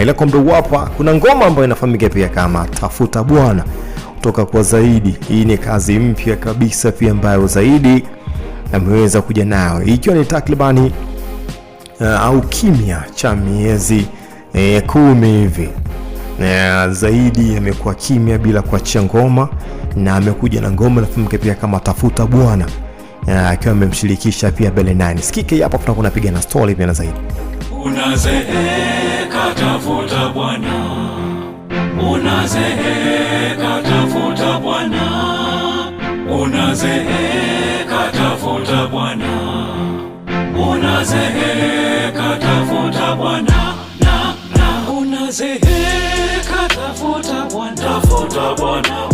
ila kwa mdogo hapa ah, kuna ngoma ambayo inafahamika pia kama tafuta bwana kutoka kwa Zaidi. Hii ni kazi mpya kabisa pia ambayo Zaidi ameweza kuja nayo ikiwa ni takribani uh, au kimya cha miezi eh, kumi hivi eh, Zaidi amekuwa kimya bila kuachia ngoma na amekuja na ngoma inafahamika pia kama tafuta bwana eh, akiwa amemshirikisha pia bele nani Sikike hapa kuna kunapiga na story pia na Zaidi. unazee tafuta Bwana, unazeeka tafuta Bwana, unazeeka tafuta Bwana, unazeeka tafuta Bwana, na na unazeeka tafuta Bwana, tafuta Bwana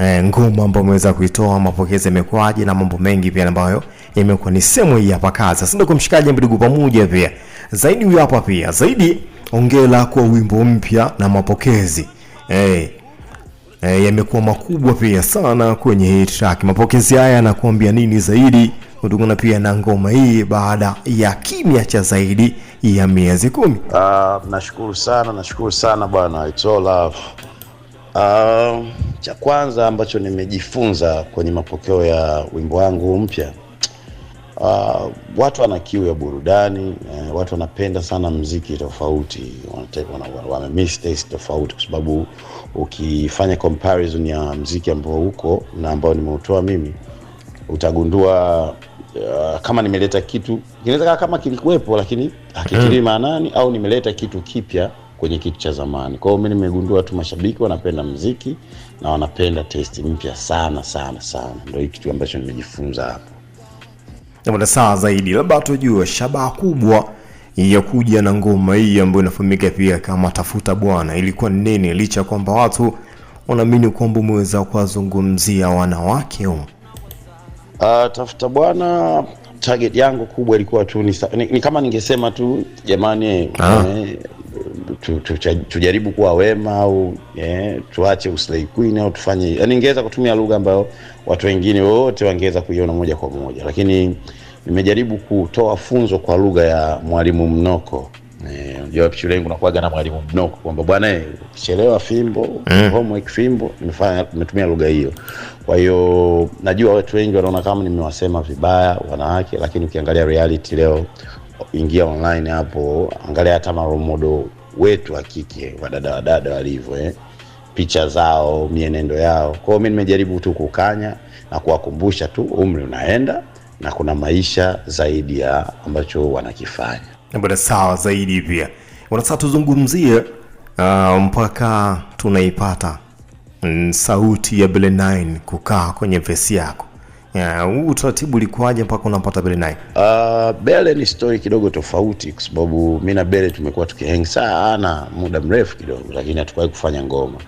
eh, ngumu ambayo umeweza kuitoa, mapokezi yamekuwaje na mambo mengi pia ambayo yamekuwa ni sehemu hii hapa kaza. Sasa ndio mshikaji ndugu pamoja pia. Zaidi huyu hapa pia. Zaidi ongela kwa wimbo mpya na mapokezi. Eh, eh, yamekuwa makubwa pia sana kwenye hii track. Mapokezi haya yanakuambia nini zaidi kutokana pia na ngoma hii baada ya kimya cha zaidi ya miezi kumi. Uh, nashukuru sana, nashukuru sana bwana. It's all love. Uh, cha kwanza ambacho nimejifunza kwenye mapokeo ya wimbo wangu mpya uh, watu wana kiu ya burudani eh, watu wanapenda sana mziki tofauti, wamemiss tofauti, kwa sababu ukifanya comparison ya mziki ambao huko na ambao nimeutoa mimi utagundua uh, kama nimeleta kitu kinaweza kama kilikuwepo lakini hakitiliwi mm. maanani au nimeleta kitu kipya kwenye kitu cha zamani. kwao mi nimegundua tu mashabiki wanapenda mziki na wanapenda testi mpya sana sana sana, hii kitu ambacho nimejifunza hapo. Bwana, sawa zaidi, labda tujue shabaha kubwa ya kuja na ngoma hii ambayo inafahamika pia kama Tafuta Bwana ilikuwa nini, licha kwamba watu wanaamini kwamba umeweza kuwazungumzia wanawake huko? Uh, Tafuta Bwana target yangu kubwa ilikuwa tu ni, ni, ni kama ningesema tu jamani, ah. eh, tu, tu, tujaribu kuwa wema au eh, tuache uslay queen au tufanye, yani ningeweza kutumia lugha ambayo watu wengine wote wangeweza kuiona moja kwa moja, lakini nimejaribu kutoa funzo kwa lugha ya mwalimu mnoko. Eh, unajua eh, shule yangu nakuaga na mwalimu mnoko kwamba bwana, eh, ukichelewa fimbo, mm. homework fimbo. Nimefanya, nimetumia lugha hiyo. Kwa hiyo najua watu wengi wanaona kama nimewasema vibaya wanawake, lakini ukiangalia reality leo, ingia online hapo, angalia hata maromodo wetu wa kike, wadada wadada walivyo eh? picha zao, mienendo yao. kwao mi mimi nimejaribu tu kukanya na kuwakumbusha tu umri unaenda na kuna maisha zaidi ya ambacho wanakifanya. Bwana sawa zaidi pia. Sasa tuzungumzie uh, mpaka tunaipata mm, sauti ya bele 9 kukaa kwenye vesi yako huu utaratibu ulikuwaje mpaka unampata Bele naye? Uh, Bele ni story kidogo tofauti, kwa sababu mimi na Bele tumekuwa tukihang sana muda mrefu kidogo, lakini hatukuwahi kufanya ngoma.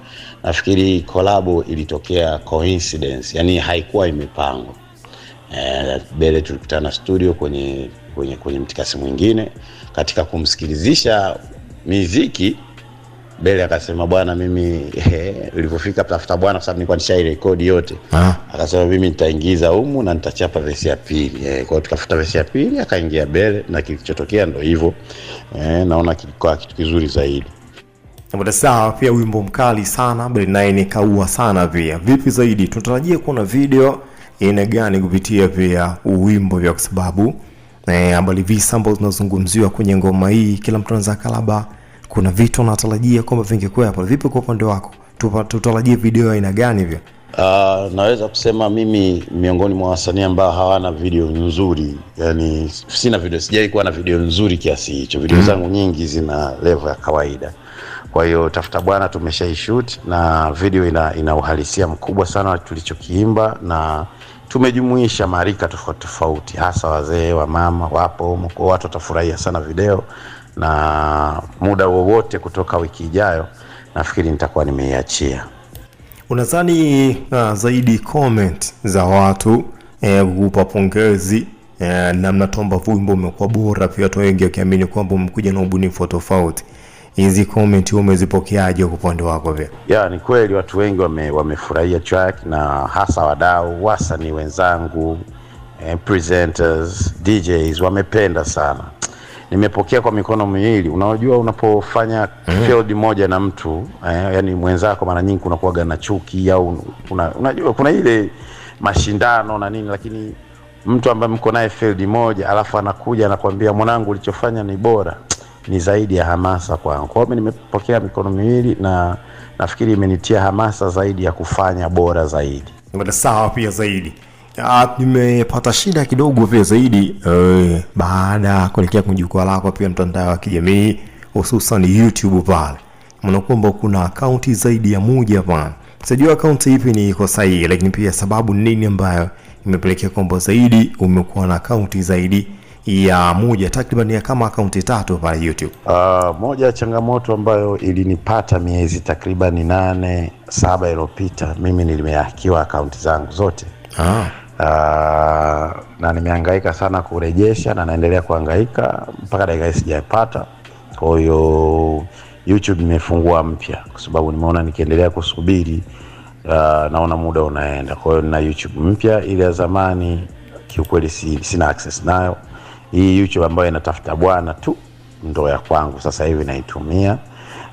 Nafikiri kolabo ilitokea coincidence, yani haikuwa imepangwa. Uh, Bele tulikutana studio kwenye, kwenye, kwenye mtikasi mwingine katika kumsikilizisha miziki Bele akasema bwana, mimi nilipofika tafuta bwana, kwa sababu nilikuwa nisha rekodi yote. ah. Akasema mimi nitaingiza humu na nitachapa vesi ya pili. eh. Kwa hiyo tukafuta vesi ya pili, akaingia Bele na kilichotokea ndio hivyo. Eh, naona kilikuwa kitu kizuri zaidi. Sawa, pia wimbo mkali sana Bele naye ni kaua sana pia. Vipi zaidi, tunatarajia kuona video ina gani kupitia pia uwimbo vya kwa sababu eh, ambali visa ambazo zinazungumziwa kwenye ngoma hii, kila mtu anaweza kalaba kuna vitu unatarajia kwamba hapo, Vipi kwa upande wako, tutarajie video ya aina gani hivyo? Uh, ah, naweza kusema mimi miongoni mwa wasanii ambao hawana video nzuri, yani sina video, sijai kuwa na video nzuri kiasi hicho. Video mm zangu nyingi zina level ya kawaida. Kwa hiyo Tafuta Bwana tumeshaishoot na video ina, ina uhalisia mkubwa sana tulichokiimba na tumejumuisha marika tofauti tofauti, hasa wazee, wamama wapo watu watafurahia sana video na muda wowote kutoka wiki ijayo nafikiri nitakuwa nimeiachia. Unadhani uh, zaidi comment za watu kukupa eh, pongezi eh, na mnatomba wimbo umekuwa bora, pia watu wengi wakiamini kwamba umekuja na ubunifu tofauti. Hizi comment umezipokeaje kwa upande wako pia? Ya, ni kweli watu wengi wame, wamefurahia track na hasa wadau wasanii wenzangu eh, presenters DJs wamependa sana nimepokea kwa mikono miwili. Unajua, unapofanya mm. field moja na mtu eh, yani mwenzako, mara nyingi kunakuwaga na chuki au una, unajua kuna ile mashindano na nini, lakini mtu ambaye mko naye field moja alafu anakuja anakuambia, mwanangu, ulichofanya ni bora, ni zaidi ya hamasa kwangu. Kwa hiyo nimepokea mikono miwili na nafikiri imenitia hamasa zaidi ya kufanya bora zaidi, sawa pia zaidi Ah, nimepata shida kidogo pia zaidi e, baada ya kuelekea kwenye jukwaa lako pia mtandao wa kijamii hususan YouTube pale, maana kwamba kuna akaunti zaidi ya moja pale. sijui akaunti ipi ni iko sahihi, lakini pia sababu nini ambayo imepelekea kwamba zaidi umekuwa na akaunti zaidi ya moja takriban ya kama akaunti tatu pale YouTube. Uh, moja ya changamoto ambayo ilinipata miezi takriban nane saba iliyopita, mimi nilimehakiwa akaunti zangu zote ah. Uh, na nimehangaika sana kurejesha na naendelea kuhangaika mpaka dakika hii sijapata. Kwa hiyo YouTube imefungua mpya kwa sababu nimeona nikiendelea kusubiri uh, naona muda unaenda. Kwa hiyo nina YouTube mpya, ile ya zamani kiukweli si, sina access nayo. Hii YouTube ambayo inatafuta bwana tu ndo ya kwangu sasa hivi naitumia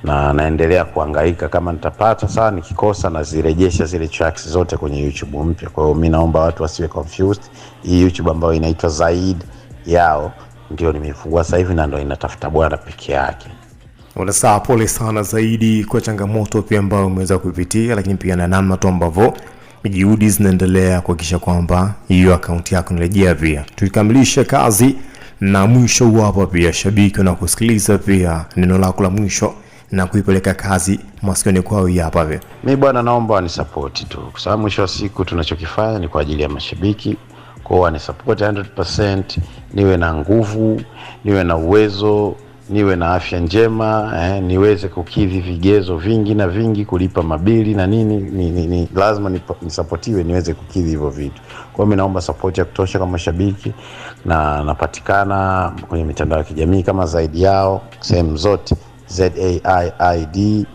na naendelea kuangaika kama nitapata sawa, nikikosa nazirejesha zile tracks zote kwenye YouTube mpya. Kwa hiyo mi naomba watu wasiwe confused. Hii YouTube ambayo inaitwa Zaid yao ndio nimefungua sasa hivi na ndio inatafuta bwana peke yake. Sawa, pole sana zaidi kwa changamoto pia ambayo umeweza kupitia, lakini pia na namna tu ambavyo juhudi zinaendelea kuhakikisha kwamba hiyo akaunti yako inarejea. Pia tuikamilishe kazi na mwisho huwapa pia shabiki na kusikiliza pia neno lako la mwisho na kuipeleka kazi masikioni kwao hapa. Mimi bwana, naomba wanisapoti tu, kwa sababu mwisho wa siku tunachokifanya ni kwa ajili ya mashabiki kwao, wanisapoti 100%, niwe na nguvu, niwe na uwezo niwe na afya njema eh, niweze kukidhi vigezo vingi na vingi, kulipa mabili na nini ni, ni, ni, lazima nisapotiwe niweze kukidhi hivyo vitu. Kwa hiyo naomba sapoti ya kutosha kwa mashabiki na napatikana kwenye mitandao ya kijamii kama zaidi yao sehemu zote ZAIID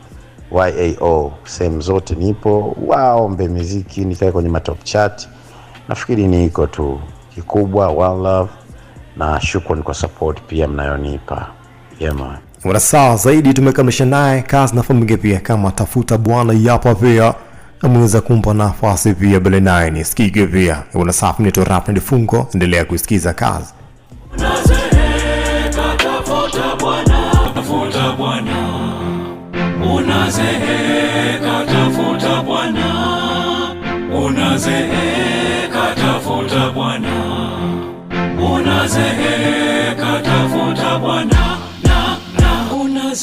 YAO sehemu zote nipo, waombe miziki nikae kwenye matop chat Nafikiri iko tu kikubwa, one love na shukrani kwa support pia mnayonipa. Jamaa mwanasaa zaidi tumekamilisha naye kazi na familia pia, kama tafuta bwana yapa pia ameweza kumpa nafasi pia bele naye ni sikike pia wanasafu ni torap ndi fungo, endelea kusikiza kazi unazeeka, tafuta bwana, unazeeka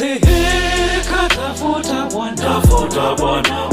Usijikatafuta Bwana, tafuta Bwana